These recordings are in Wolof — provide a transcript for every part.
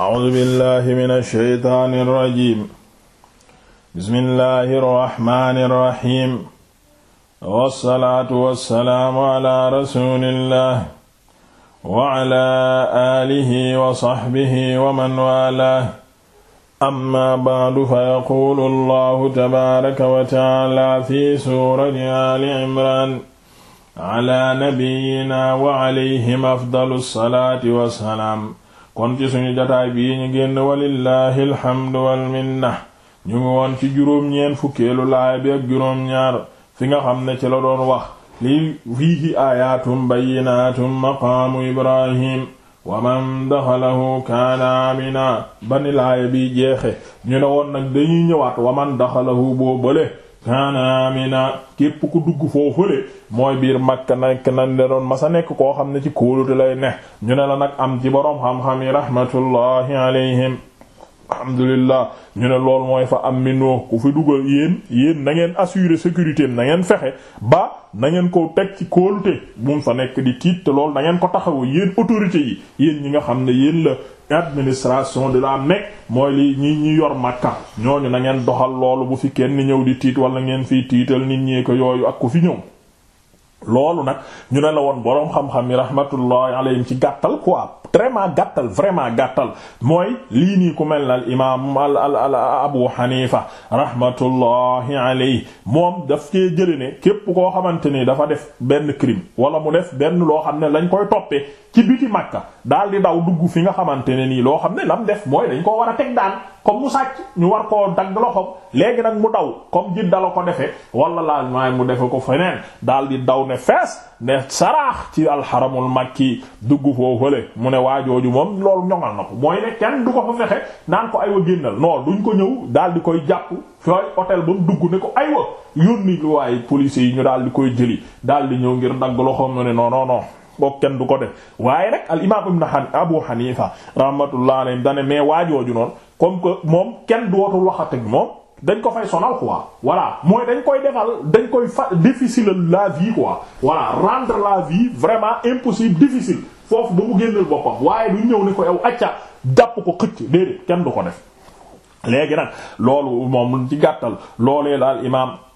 A'uuzu billaahi mina shaytaani rajiim. Bismillaahi rahmaani rahiim. Wassalaatu wassalaamu alaa rasuulillaah. Wa alaa aalihi wa sahbihi wa man waalaah. Ammaa ba'du fa yaquulu Allaahu tabaaraka wa ta'aalaa fi suurati Aali Imraan. Alaa nabiyyinaa wa alayhim afdalu salaati wa salaam. kon ci suñu jataay bii ñu génn walillahi alhamdu wal minna ñu ngi woon ci juróom-ñeen fukkeelu laay ak juróom-ñaar fi nga xam ne ci la doon wax li fiihi aayatum bayyinatum maqaamu ibrahim wa man daxalahu kaana amina bani laaya bi jeexe ñu ne woon nag dañuy ñëwaat wa man daxalahu boo bale kanamina képp ku dugg foofule mooy biir Makka nekk nañ la doon masa nekk koo xam ne ci kóolute lay ne ñu ne la nag am ci borom xam-xam yi rahmatullahi alayhim alhamdulillah ñu ne lool mooy fa am minoo ku fi dugal yéen yéen na ngeen assurer sécurité na ngeen fexe ba na ngeen ko teg ci kóolute bu mu fa nekk di tiit te loolu na ngeen ko taxawu yéen autorité yi yéen ñi nga xam ne yéen la administration de la Mecque mooy li ñi ñi yor Makka ñooñu na ngeen doxal loolu bu fi kenn ñëw di tiit wala ngeen fiy tiital nit ñee ko yooyu ak ku fi ñëw loolu nag ñu ne la woon boroom xam-xam yi rahmatullahi alayhim ci gàttal quoi vraiment gàttal vraiment gàttal mooy lii nii ku mel na al imaam al al abu hanifa rahmatullahi alayhi moom daf cee jële képp koo xamante ni dafa def benn crime wala mu def benn loo xam ne lañ koy toppee ci biti makka daal di daw dugg fi nga xamante ne nii loo xam ne la mu def mooy dañ koo war a teg daal comme mu sàcc ñu war ko dagg loxoom léegi nag mu daw comme ji dala ko defee wala laaj maay mu defe ko feneen daal di daw ne fees ne saraax ci alxaramul makki dugg foofale mu ne waajooju moom loolu ñoŋal na ko mooy ne kenn du ko fa fexe naan ko aywa génnal non duñ ko ñëw daal di koy jàpp fooy hôtel ba mu dugg ne ko aywa yónni lu waaye policiers yi ñu daal di koy jëli daal di ñëw ngir dagg loxoom ñu ne non non kook kenn du ko def waaye rek al imaam ibn abu hanifa rahmatullah alayhi dane mais waajooju noonu comme que moom kenn dootul waxat ak moom dañ ko fay sonal quoi voilà mooy dañ koy defal dañ koy fa difficile la vie quoi voilà rendre la vie vraiment impossible difficile foofu ba mu génnal boppam waaye du ñëw ni ko yow acca jàpp ko xëcc déedéet kenn du ko def léegi nag loolu moom ci gàttal loolee la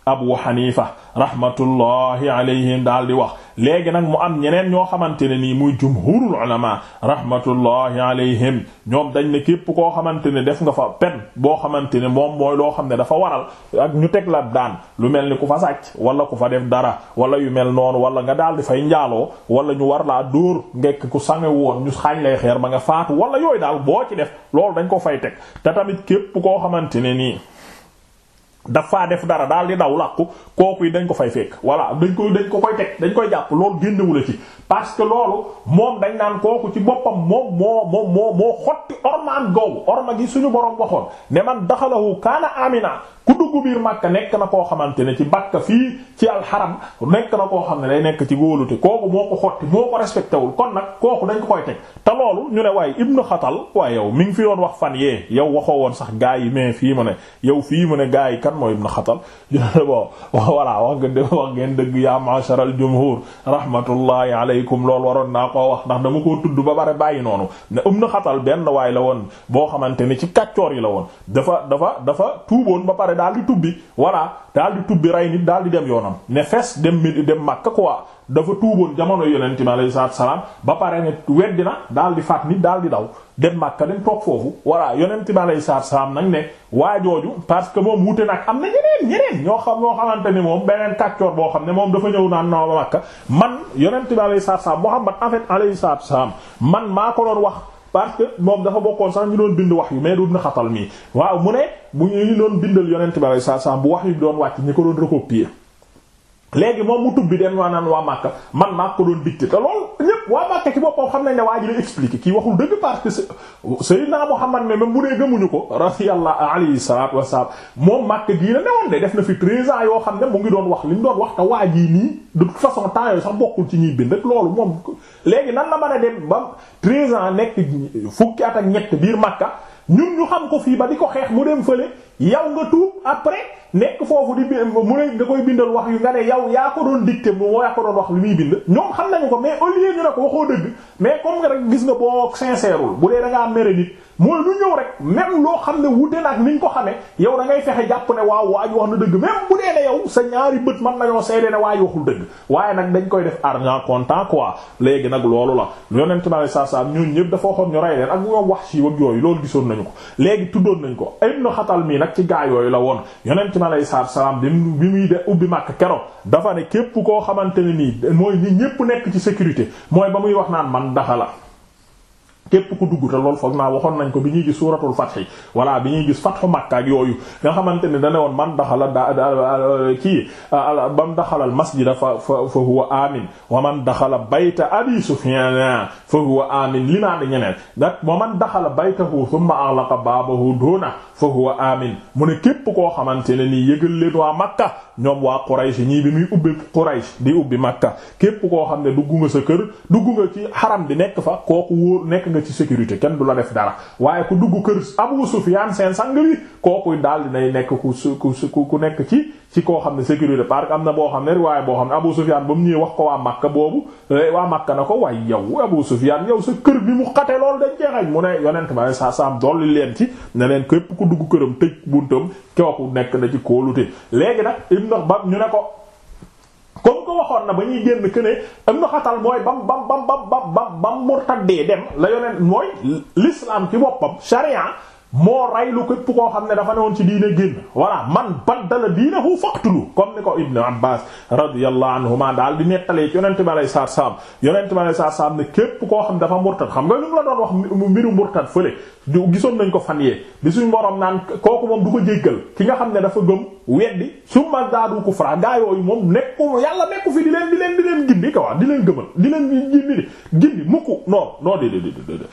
abu xanifa rahmatullahi alayhim daal di wax léegi nag mu am ñeneen ñoo xamante ne nii muy jumhurul ulama rahmatullahi alayhim ñoom dañ ne képp koo xamante ne def nga fa pen boo xamante ne moom mooy loo xam ne dafa waral ak ñu teg la daan lu mel ni ku fa sàcc wala ku fa def dara wala yu mel noonu wala nga daal di fay njaaloo wala ñu war laa dóor ngekk ku sange woon ñu xaañ lay xeer ba nga faatu wala yooyu daal boo ci def loolu dañ ko fay teg te dafa def dara daal di daw làqu kooku yi dañ ko fay fekk voilà dañ ko dañ ko koy teg dañ koy jàpp loolu génnewu la ci parce que loolu moom dañ naan kooku ci boppam moom moo moom moo moo xotti orma am googu orma gi suñu borom waxoon ne man daxalahu kaana amina ku dugg biir Makka nekk na koo xamante ne ci Makka fii ci alxaram nekk na koo xam ne day nekk ci wóolute kooku moo ko xotti moo ko respecté wul kon nag kooku dañ ko koy teg te loolu ñu ne waaye Ibnu Xatal waaye yow mi ngi fi doon wax fan yee yow waxoo woon sax gaa yi mais fii mu ne yow fii mu ne gaa yi kan mooy Ibnu Xatal bon voilà wax nga dëgg wax ngeen dëgg yaa ma'sharal jumhur rahmatullahi aleykum loolu waroon naa koo wax ndax dama koo tudd ba bare bàyyi noonu ne Ibnu Xatal benn waay la woon boo xamante ne ci kàccoor yi la pare daal di tubbi voilà daal di tubbi rey nit daal di dem yoonam ne fes dem dem Makka quoi dafa tuuboon jamono yonent mi alayhi salaatu salaam ba pare ne weddi na daal di faat nit daal di daw dem Makka dem toog foofu voilà yonent mi alayhi salaatu salaam nag ne waa jooju parce que moom wute nag am na ñeneen ñeneen ñoo xam ñoo xamante ni moom beneen kàccoor boo xam ne moom dafa ñëw naan na ba Makka man yonent mi alayhi salaatu salaam Muhammad en fait alayhi salaatu man maa ko doon wax. parce que moom dafa bokkoon sax ñu doon bind wax yu mais du na xatal mii waaw mu ne bu ñu doon bindal yonent bi saa saa bu wax yu doon wàcc ñi ko doon recopier léegi moom mu tubbi dem waa naan waa Màkka man maa ko doon dicté te lool ñépp waa Makka ci boppam xam nañ ne waa ji la expliqué kii waxul dëgg parce que Seydina Muhammad ne même bu dee gëmuñu ko radiyallahu alayhi salaatu wassalaam moom Makka gii la newoon de def na fi 13 ans yoo xam ne mu ngi doon wax li mu doon wax te waa jii nii de toute façon temps yooyu sax bokkul ci ñuy bind rek loolu moom léegi nan la mën a dem ba 13 ans nekk fukki at ak ñett biir Makka ñun ñu xam ko fii ba di ko xeex mu dem fële yow nga tuub après nekk foofu di mu ne nga koy bindal wax yu nga ne yow yaa ko doon dicté moo yaa ko doon wax li muy bind ñoom xam nañu ko mais au lieu ne ko waxoo dëgg mais comme nga rek gis nga boo sincèreul bu dee da ngaa mere nit mooy lu ñëw rek même loo xam ne wute na ak niñ ko xamee yow da fexe jàpp ne waaw waaj wax na dëgg même bu dee yow sa ñaari bët mën nañoo seede ne waaj waxul dëgg waaye nag dañ koy def argent comptant quoi léegi nag loolu la yonent bi saa saa ñun ñëpp dafa waxoon ñu rey leen ak ñoom wax si ak yooyu loolu gisoon nañu ko léegi tuddoon nañ ko Ibnu Xatal mii nag ci gaa yooyu la woon yonent bi saa salaam bi bi muy de ubbi màkk keroog dafa ne képp koo xamante ne nii mooy ni ñëpp nekk ci sécurité mooy ba muy wax naan man daxa la képp ku dugg te loolu foog naa waxoon nañ ko bi ñuy gis suuratul fath walla bi ñuy gis fathu makka ak yooyu nga xamante ne dana ne woon man daxala da kii bam daxalal masjida fa fa fa huwa amin wa man daxala bayta abi sufyan fa huwa amin li naa di ñeneen nag wa man daxala baytahu thumma aghlaqa baabahu duna fa huwa amin mu ne képp koo xamante ne nii yëgal leen waa makka ñoom waa Quraysh ñii bi muy ubbi Quraysh di ubbi Makka képp koo xam ne dugg nga sa kër dugg nga ci xaram di nekk fa kooku wóor nekk nga ci sécurité kenn du la def dara waaye ku dugg kër Abu Sufyan seen sang li kooku daal dinay nekk ku ku ku nekk ci ci koo xam ne sécurité parce am na boo xam ne riwaay boo xam ne Abu Sufyan ba mu wax ko waa Makka boobu eh, waa Makka na ko waaye yow Abu Sufyan yow sa kër bi mu xate loolu dañ jeexañ mu ne yonent ma sa sam dolli leen ci ne leen képp ku dugg këram tëj buntam kooku nekk na ci kóolute léegi nag ibn ba ñu ne ko comme ko waxoon na ba ñuy génn que ne am na xatal mooy ba ba ba bam bam bam murtaddee dem la yoneen mooy l'islam ci boppam sharia moo rey lu képp koo xam ne dafa newoon ci diine génn voilà man baddala diinahu faqtulu comme ni ko Ibn Abbas radiyallahu anhuma daal di nettalee ci yonent bi alayhi salaatu salaam yonent bi alayhi salaatu salaam ne képp koo xam dafa murtad xam nga lu mu la doon wax mbiru murtad fële gisoon nañ ko fan yee bi suñu borom naan kooku moom du ko jéggal ki nga xam ne dafa gëm weddi summa zaadu kufra gaa yooyu moom nekku yàlla nekku fi di leen di leen di leen gindi quoi di leen gëmal di leen gindi gindi mukk non non déedéet déedéet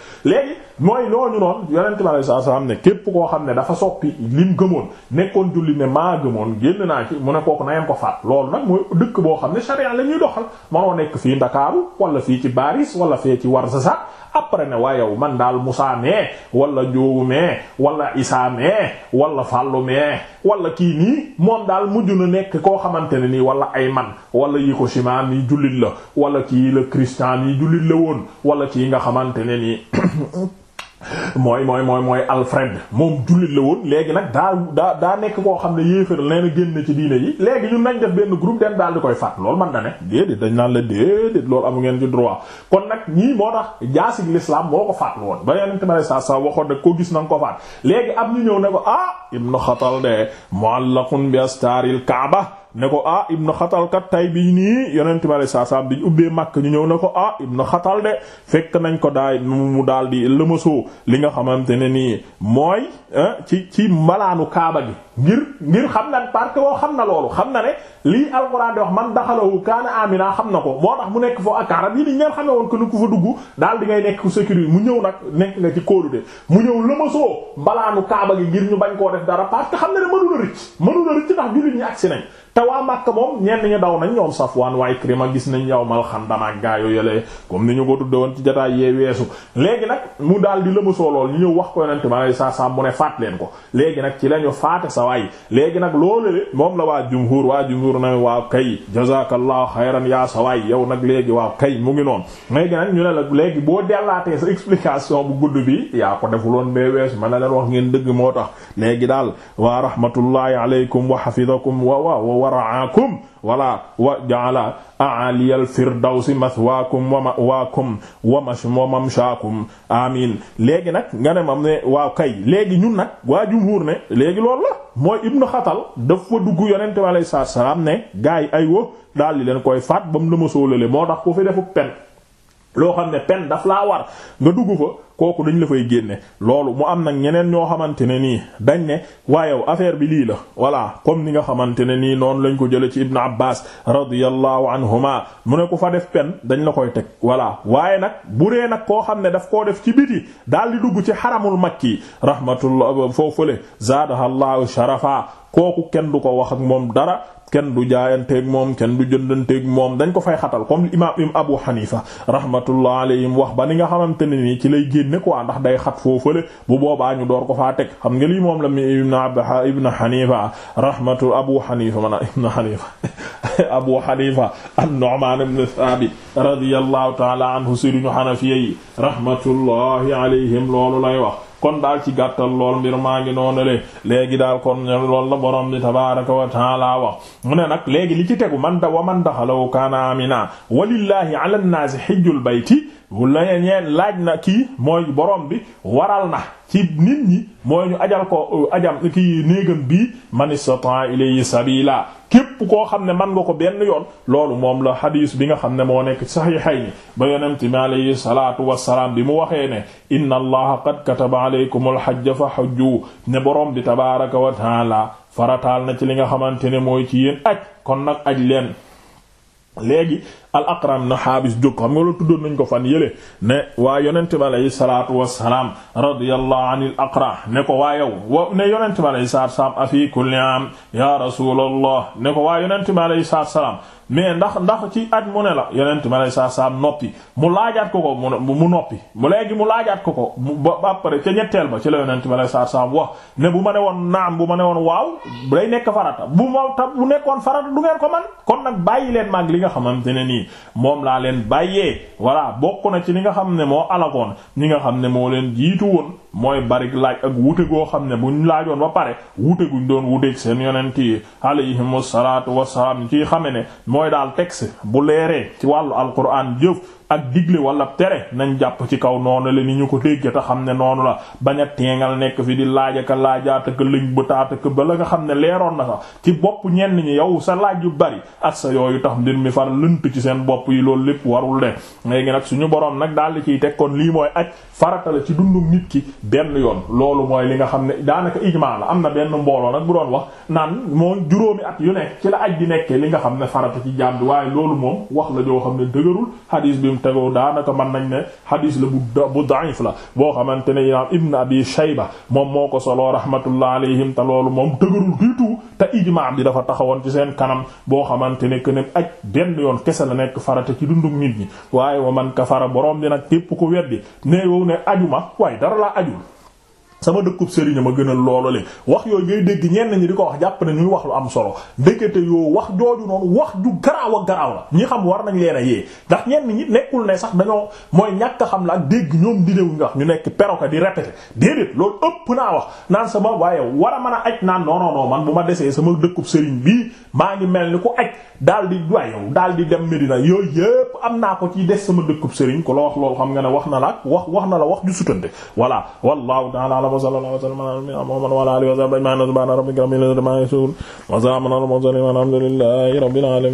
ne képp koo xam ne dafa soppi lim gëmoon nekkoon julli ne maa gëmoon génn naa ci mu ne kooku na ngeen ko faat loolu nag mooy dëkk boo xam ne charia la ñuy doxal manoo nekk fii Ndakaaru wala fii ci Paris wala fee ci Warsasa après ne waa yow man daal Moussa mee wala Ndiob mee wala Issa mee wala Fallou wala kii nii moom daal mujj na nekk koo xamante ne nii wala ay man wala yi ko Shima mi jullit la wala kii la Christian yi jullit la woon wala kii nga xamante ne nii. mooy mooy mooy mooy Alfred moom jullit la woon léegi nag daa daa daa nekk koo xam ne yéeféral nee na génn ci diine yi léegi ñun nañ def benn group dem daal di koy faat loolu man na ne déedéet dañ naan la déedéet loolu amu ngeen ci droit kon nag ñii moo tax jaasig l'islam boo ko faat woon ba yenente ma ne sa sa waxoon nag ko gis na nga ko faat léegi am ñu ñëw ne ko ah ibnu xatal de mu'allaqun bi astaril kaaba ne ko ah ibnu xatalkat kat tay bi nii yonent bi saa saa bi ñu ubbee màkk ñu ñëw ne ko ah ibnu xatal de fekk nañ ko daay mu daal di lëmasoo li nga xamante ne nii mooy eh, ci ci mbalaanu kaaba gi ngir ngir xam na parce que woo xam na loolu xam na ne lii alxuraan di wax man daxalahu kaana amina xam na ko moo tax mu nekk foofu ak arab yi ni ngeen xamee ku fa dugg daal di ngay nekk sécurité mu ñëw nag nekk nga ci kóolute mu ñëw lëmasoo mbalaanu kaaba gi ngir ñu bañ koo def dara parce que xam na ko mënu la rëcc mënu la rëcc ndax jullit ñi nañ te waa Makka moom ñenn ñu daw nañ ñoom Safwaan waaye Ikrima gis nañ yawmal Xandama ak gaa yu yële comme ni ñu ko tudde woon ci jotaay yee weesu léegi nag mu daal di lëmasoo lool ñu ñëw wax ko yonente ma sa sa mu ne faat leen ko léegi nag ci lañu faat sawaay léegi nag loolu moom la waa jumhur waa jumhur na waa kay jazakallahu xayran yaa sawaay yow nag léegi waaw kay mu ngi noonu léegi nag léegi boo dellaatee sa explication bu gudd bi yaa ko defuloon bee weesu man na leen wax ngeen dëgg moo tax léegi daal wa rahmatullahi alaykum wa hafizakum wa wa wa waraakum wala wa ja'ala a'aliyal firdawsi mathwaakum wa ma'waakum wa mash wa mamshaakum amin léegi nag nga ne mam ne waaw kay léegi ñun nag waa jumhur ne léegi loolu la mooy ibnu xatal dafa dugg yonente bi alayhi salaam ne gars yi ay wo daal leen koy faat ba mu lëmasoo lale moo tax ku fi defu pen loo xam ne pen daf laa war nga dugg fa kooku dañ la fay génne loolu mu am na ñeneen ñoo xamante ne nii dañ ne waayow affaire bi lii la voilà comme ni nga xamante ne nii noonu lañ ko jële ci Ibn Abbas radiyallahu anhuma mu ne ku fa def pen dañ la koy teg voilà waaye nag bu dee nag koo xam ne daf koo def ci biti daal di dugg ci xaramul makki foofu le zaadahallahu sharafa kooku kenn du ko wax ak moom dara kenn du jaayanteeg moom kenn du jëndanteeg moom dañ ko fay xatal comme imam im Abu Hanifa rahmatullah alayhim wax ba ni nga xamante ne ni ci lay génne quoi ndax day xat foofale bu boobaa ñu door ko faa teg xam nga lii moom la mi ibn Hanifa rahmatu Abu Hanifa mana ibn Hanifa Abu Hanifa an-Nu'man ibn Thabit radiyallahu ta'ala anhu sëriñu Hanafiya yi rahmatullahi alayhim loolu lay wax kon daal ci gàttal lool mbir maa ngi noonu le léegi daal kon lool la borom bi tabaaraka wa taala wax mu ne nag léegi li ci tegu man wa man daxalaw kaana amina walillahi ala nnaasi hijjul bayti wala ñeen laaj na kii mooy borom bi waral na ci nit ñi mooy ñu ajal ko ajam kii néegam bii man istata ilayhi képp koo xam ne man nga ko benn yoon loolu moom la hadis bi nga xam ne moo nekk saxiixayni ba yonente mi alayhi salaatu wassalaam bi mu waxee ne inna allaha qad kataba alaykum alhajja fa hajju ne borom bi tabaraka wa taala farataal na ci li nga xamante ne mooy ci yéen aj kon nag aj leen léegi al aqram na xaabis jóg xam nga loolu tuddoon nañ ko fan yële ne waa yonente alayhi salaatu wassalaam radiyallahu anil aqra ne ko waa yow wa ne yonente bi alayhi salaatu wassalaam afi kulli am ya rasulallah ne ko waa yonente alayhi salaatu wassalaam ndax ndax ci at mu ne la yonente bi alayhi salaatu wassalaam noppi mu laajaat ko ko mu noppi mu léegi mu laajaat ko ko ba ba pare ca ñetteel ba ci la yonente alayhi salaatu wassalaam ne bu ma ne woon naam bu ma ne woon waaw day nekk farata bu ma ta bu nekkoon nga xamante ne nii moom laa leen bàyyee voilà bokk na ci li nga xam ne moo alagoon ñi nga xam ne moo leen jiitu woon mooy bari laaj ak wute goo xam ne bu ñu laajoon ba pare wute guñ doon wuteeg seen yonent yi alayhimu salaatu wassalaam ciy xame ne mooy daal teg texte bu leeree ci wàllu alquran jëf ak digle wala tere nañ jàpp ci kaw noonu la ni ñu ko dégg te xam ne noonu la bañ a teengal nekk fi di laajaka laajaata ka lëñ bu taata ka ba la nga xam ne leeroon na sax ci bopp ñenn ñi yow sa laaj yu bari ak sa yooyu tax mbir mi far lënt ci seen bopp yi loolu lépp warul de léegi nag suñu boroom nag daal di ciy teg kon lii mooy aj farata la ci dundu nit ki benn yoon loolu mooy li nga xam ne daanaka ijmaa la am na benn mbooloo nag bu doon wax naan moo juróomi at yu nekk ci la aj di nekkee li nga xam ne farata ci jaam bi waaye loolu moom wax la joo xam tegoo daanaka mën nañ ne hadis la bu bu da'if la boo xamante ne imaam Ibn Abi Shayba moom moo ko soloo rahmatullah alayhim te loolu moom dëgërul du tout te ijmaa bi dafa taxawoon ci seen kanam boo xamante ne que ne aj benn yoon kese la nekk farate ci dundum nit ñi waaye wa man kafara borom bi nag képp ku weddi ne yow ne aju ma waaye dara laa ajul. sama dëkkub sëriñ ma gënal loolu le wax yooyu ngay dégg ñenn ñi di ko wax jàpp ne ñuy wax lu am solo ndekete yoo wax jooju noonu wax ju garaaw ak garaaw la xam war nañ leen a yee ndax ñenn ñi nekkul ne sax dañoo mooy ñàkk xam la ak dégg ñoom di déew ñu wax ñu nekk perroquet di répété déedéet loolu ëpp naa wax naan sama waaye war a mën a aj naan non man bu ma desee sama dëkkub sëriñ bii maa ngi mel ni ku aj daal di waayow daal di dem Medina yooyu yépp am naa ko ci des sama dëkkub sëriñ ku la wax loolu xam nga ne wax na la wax wax na la wax ju sutante voilà wallahu ta'ala wa sallallahu alayhi wa sallam